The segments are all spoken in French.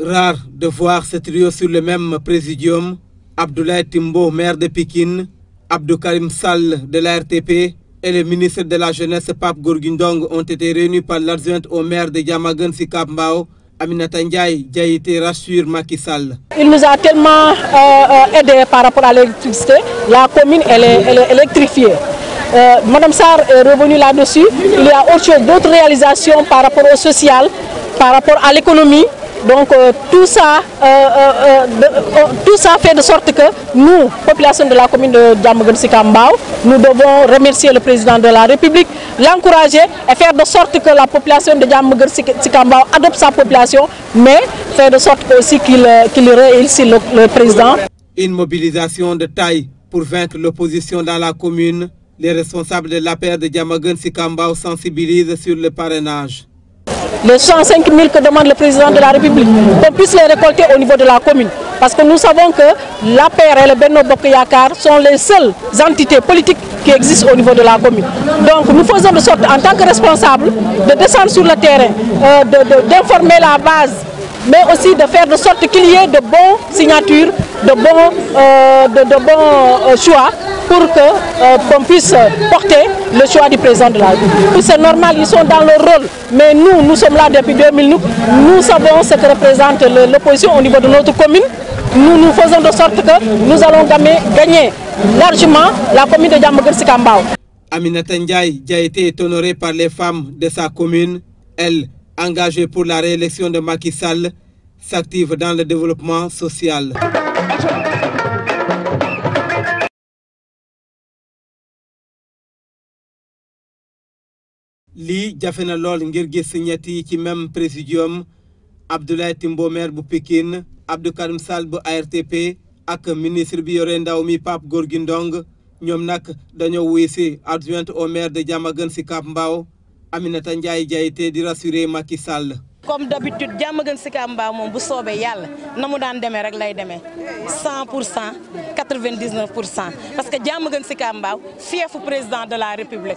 Rare de voir ce trio sur le même présidium, Abdoulaye Timbo, maire de Pékin, Abdou Karim Sall de la RTP et le ministre de la Jeunesse, Pape Gourguindong, ont été réunis par l'adjointe au maire de Yamagan sikambao Aminata Ndiaye, Makissal. Il nous a tellement euh, euh, aidés aidé par rapport à l'électricité. La commune, elle est, électrifiée. Euh, Madame Sarr est revenue là-dessus. Il y a autre d'autres réalisations par rapport au social, par rapport à l'économie, donc euh, tout, ça, euh, euh, tout ça fait de sorte que nous, population de la commune de djamogensika sikambao nous devons remercier le président de la République, l'encourager et faire de sorte que la population de djamogensika adopte sa population, mais faire de sorte aussi qu'il réussisse le, le président. Une mobilisation de taille pour vaincre l'opposition dans la commune les responsables de la paire de Diamagun Sikambao sensibilisent sur le parrainage les 105 000 que demande le président de la République, qu'on puisse les récolter au niveau de la commune. Parce que nous savons que la PR et le Benno sont les seules entités politiques qui existent au niveau de la commune. Donc nous faisons de sorte, en tant que responsables, de descendre sur le terrain, euh, d'informer la base, mais aussi de faire de sorte qu'il y ait de bonnes signatures, de bons, euh, de, bons euh, choix pour euh, qu'on puisse euh, porter le choix du président de la République. C'est normal, ils sont dans leur rôle, mais nous, nous sommes là depuis 2000, nous, savons ce que représente l'opposition au niveau de notre commune. Nous nous faisons de sorte que nous allons gagner largement la commune de Djambogur-Sikambao. Aminata Ndiaye, a été honorée par les femmes de sa commune, elle, engagée pour la réélection de Macky Sall, s'active dans le développement social. Li jafena lol ngir gis ñetti ci même présidium Abdoulaye Timbo maire bu Pikine Abdou Karim Sall bu ARTP ak ministre bi omi ndaw mi Pape Gorgui Ndong ñoom nag dañoo au maire de Diamaguène Sikambau, Mbao Aminata Ndiaye Diaité di rassurer Macky comme d'habitude Diamaguène Sikambau mon moom bu soobee yalla namu daan démé rek lay parce que Diamaguène Sicap fier du président de la république.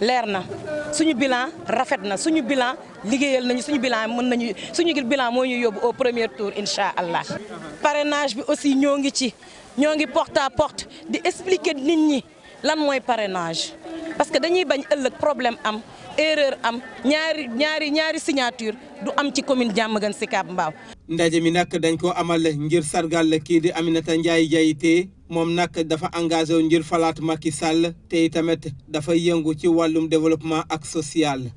leer na suñu bilan rafet na suñu bilan liggéeyal nañu suñu bilan mën nañu suñu bilan moo ñu yóbbu au premier tour incha allah. parrainage bi aussi ñoo ngi ci ñoo ngi porte à porte di expliquer nit ñi lan mooy parenage parce que dañuy bañ ëllëg problème am erreur am ñaari ñaari ñaari signature du am ci commune si Sicap Mbao. ndaje mi nag dañ ko amal ngir sargal kii di Aminata Ndiaye Diaité. moom nag dafa engagé wu ngir falaat Macky Sall te itamit dafa yëngu ci wàllum développement ak social